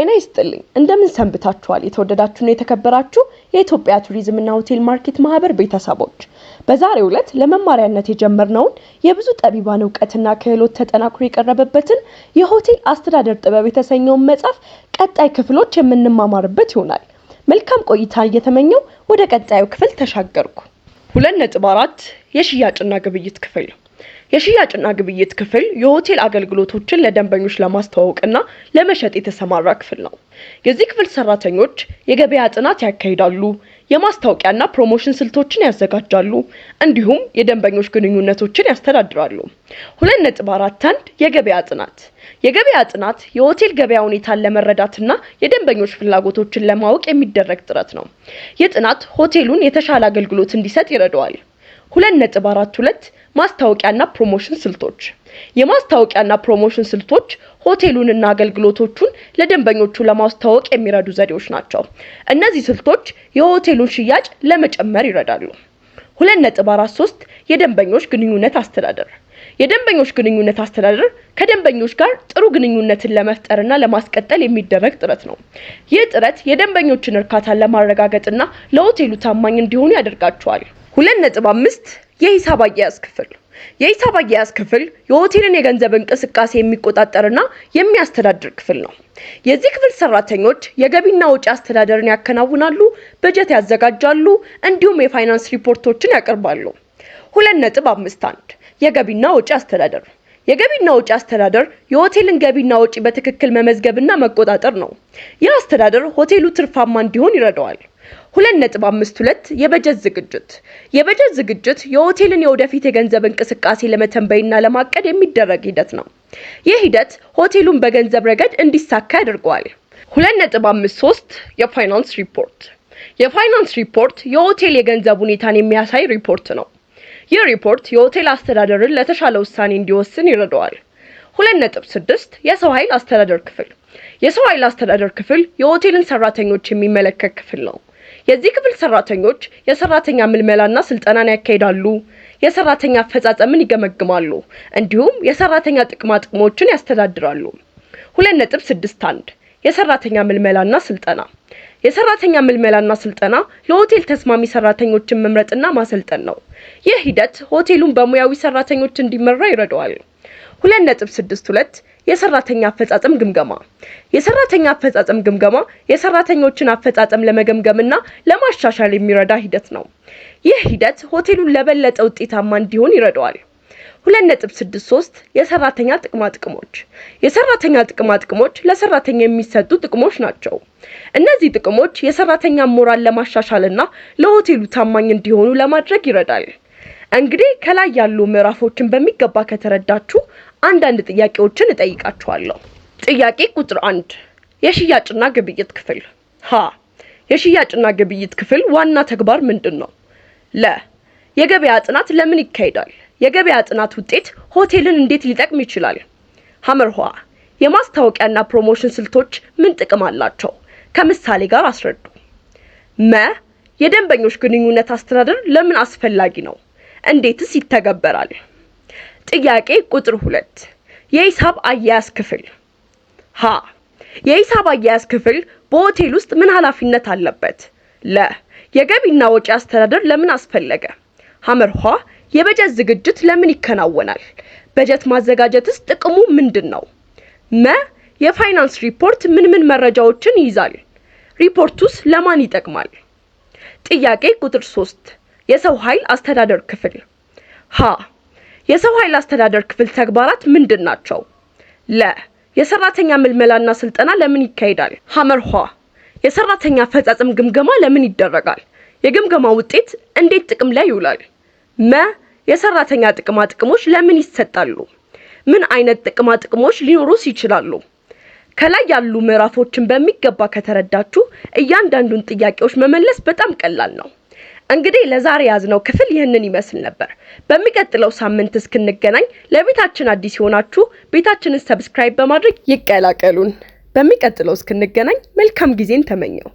ጤና ይስጥልኝ እንደምን ሰንብታችኋል? የተወደዳችሁና የተከበራችሁ የኢትዮጵያ ቱሪዝምና ሆቴል ማርኬት ማህበር ቤተሰቦች በዛሬው ዕለት ለመማሪያነት የጀመርነውን የብዙ ጠቢባን እውቀትና ክህሎት ተጠናክሮ የቀረበበትን የሆቴል አስተዳደር ጥበብ የተሰኘውን መጽሐፍ ቀጣይ ክፍሎች የምንማማርበት ይሆናል። መልካም ቆይታ እየተመኘው ወደ ቀጣዩ ክፍል ተሻገርኩ። ሁለት ነጥብ አራት የሽያጭና ግብይት ክፍል ነው። የሽያጭና ግብይት ክፍል የሆቴል አገልግሎቶችን ለደንበኞች ለማስተዋወቅና ለመሸጥ የተሰማራ ክፍል ነው። የዚህ ክፍል ሰራተኞች የገበያ ጥናት ያካሂዳሉ፣ የማስታወቂያና ፕሮሞሽን ስልቶችን ያዘጋጃሉ፣ እንዲሁም የደንበኞች ግንኙነቶችን ያስተዳድራሉ። ሁለት ነጥብ አራት አንድ የገበያ ጥናት የገበያ ጥናት የሆቴል ገበያ ሁኔታን ለመረዳትና የደንበኞች ፍላጎቶችን ለማወቅ የሚደረግ ጥረት ነው። ይህ ጥናት ሆቴሉን የተሻለ አገልግሎት እንዲሰጥ ይረዳዋል። 2.42 ማስታወቂያና ፕሮሞሽን ስልቶች የማስታወቂያና ፕሮሞሽን ስልቶች ሆቴሉንና አገልግሎቶቹን ለደንበኞቹ ለማስተዋወቅ የሚረዱ ዘዴዎች ናቸው። እነዚህ ስልቶች የሆቴሉን ሽያጭ ለመጨመር ይረዳሉ። 2.43 የደንበኞች ግንኙነት አስተዳደር የደንበኞች ግንኙነት አስተዳደር ከደንበኞች ጋር ጥሩ ግንኙነትን ለመፍጠርና ለማስቀጠል የሚደረግ ጥረት ነው። ይህ ጥረት የደንበኞችን እርካታን ለማረጋገጥና ለሆቴሉ ታማኝ እንዲሆኑ ያደርጋቸዋል። ሁለት ነጥብ አምስት የሂሳብ አያያዝ ክፍል የሂሳብ አያያዝ ክፍል የሆቴልን የገንዘብ እንቅስቃሴ የሚቆጣጠርና የሚያስተዳድር ክፍል ነው። የዚህ ክፍል ሰራተኞች የገቢና ውጪ አስተዳደርን ያከናውናሉ፣ በጀት ያዘጋጃሉ፣ እንዲሁም የፋይናንስ ሪፖርቶችን ያቀርባሉ። ሁለት ነጥብ አምስት አንድ የገቢና ወጪ አስተዳደር የገቢና ውጪ አስተዳደር የሆቴልን ገቢና ውጪ በትክክል መመዝገብና መቆጣጠር ነው። ይህ አስተዳደር ሆቴሉ ትርፋማ እንዲሆን ይረዳዋል። ሁለት ነጥብ አምስት ሁለት የበጀት ዝግጅት የበጀት ዝግጅት የሆቴልን የወደፊት የገንዘብ እንቅስቃሴ ለመተንበይና ለማቀድ የሚደረግ ሂደት ነው። ይህ ሂደት ሆቴሉን በገንዘብ ረገድ እንዲሳካ ያደርገዋል። ሁለት ነጥብ አምስት ሶስት የፋይናንስ ሪፖርት የፋይናንስ ሪፖርት የሆቴል የገንዘብ ሁኔታን የሚያሳይ ሪፖርት ነው። ይህ ሪፖርት የሆቴል አስተዳደርን ለተሻለ ውሳኔ እንዲወስን ይረዳዋል። ሁለት ነጥብ ስድስት የሰው ኃይል አስተዳደር ክፍል የሰው ኃይል አስተዳደር ክፍል የሆቴልን ሰራተኞች የሚመለከት ክፍል ነው። የዚህ ክፍል ሰራተኞች የሰራተኛ ምልመላና ስልጠናን ያካሂዳሉ፣ የሰራተኛ አፈጻጸምን ይገመግማሉ፣ እንዲሁም የሰራተኛ ጥቅማ ጥቅሞችን ያስተዳድራሉ። ሁለት ነጥብ ስድስት አንድ የሰራተኛ ምልመላና ስልጠና የሰራተኛ ምልመላና ስልጠና ለሆቴል ተስማሚ ሰራተኞችን መምረጥና ማሰልጠን ነው። ይህ ሂደት ሆቴሉን በሙያዊ ሰራተኞች እንዲመራ ይረዳዋል። ሁለት ነጥብ ስድስት ሁለት የሰራተኛ አፈጻጸም ግምገማ የሰራተኛ አፈጻጸም ግምገማ የሰራተኞችን አፈጻጸም ለመገምገምና ለማሻሻል የሚረዳ ሂደት ነው። ይህ ሂደት ሆቴሉን ለበለጠ ውጤታማ እንዲሆን ይረዳዋል። 2.63 የሰራተኛ ጥቅማ ጥቅሞች የሰራተኛ ጥቅማ ጥቅሞች ለሰራተኛ የሚሰጡ ጥቅሞች ናቸው። እነዚህ ጥቅሞች የሰራተኛ ሞራል ለማሻሻልና ለሆቴሉ ታማኝ እንዲሆኑ ለማድረግ ይረዳል። እንግዲህ ከላይ ያሉ ምዕራፎችን በሚገባ ከተረዳችሁ አንዳንድ ጥያቄዎችን እጠይቃችኋለሁ። ጥያቄ ቁጥር አንድ የሽያጭና ግብይት ክፍል ሀ የሽያጭና ግብይት ክፍል ዋና ተግባር ምንድን ነው? ለ የገበያ ጥናት ለምን ይካሄዳል? የገበያ ጥናት ውጤት ሆቴልን እንዴት ሊጠቅም ይችላል? ሐመር ሐ የማስታወቂያና ፕሮሞሽን ስልቶች ምን ጥቅም አላቸው? ከምሳሌ ጋር አስረዱ። መ የደንበኞች ግንኙነት አስተዳደር ለምን አስፈላጊ ነው? እንዴትስ ይተገበራል? ጥያቄ ቁጥር ሁለት የሂሳብ አያያዝ ክፍል ሀ የሂሳብ አያያዝ ክፍል በሆቴል ውስጥ ምን ኃላፊነት አለበት? ለ የገቢና ወጪ አስተዳደር ለምን አስፈለገ? ሐመርኋ የበጀት ዝግጅት ለምን ይከናወናል? በጀት ማዘጋጀትስ ጥቅሙ ምንድን ነው? መ የፋይናንስ ሪፖርት ምን ምን መረጃዎችን ይይዛል? ሪፖርቱስ ለማን ይጠቅማል? ጥያቄ ቁጥር ሶስት የሰው ኃይል አስተዳደር ክፍል ሀ የሰው ኃይል አስተዳደር ክፍል ተግባራት ምንድን ናቸው? ለ የሰራተኛ ምልመላና ስልጠና ለምን ይካሄዳል? ሐመር የሰራተኛ አፈጻጸም ግምገማ ለምን ይደረጋል? የግምገማ ውጤት እንዴት ጥቅም ላይ ይውላል? መ የሰራተኛ ጥቅማ ጥቅሞች ለምን ይሰጣሉ? ምን አይነት ጥቅማ ጥቅሞች ሊኖሩስ ይችላሉ? ከላይ ያሉ ምዕራፎችን በሚገባ ከተረዳችሁ እያንዳንዱን ጥያቄዎች መመለስ በጣም ቀላል ነው። እንግዲህ ለዛሬ ያዝነው ክፍል ይህንን ይመስል ነበር። በሚቀጥለው ሳምንት እስክንገናኝ ለቤታችን አዲስ የሆናችሁ ቤታችንን ሰብስክራይብ በማድረግ ይቀላቀሉን። በሚቀጥለው እስክንገናኝ መልካም ጊዜን ተመኘው።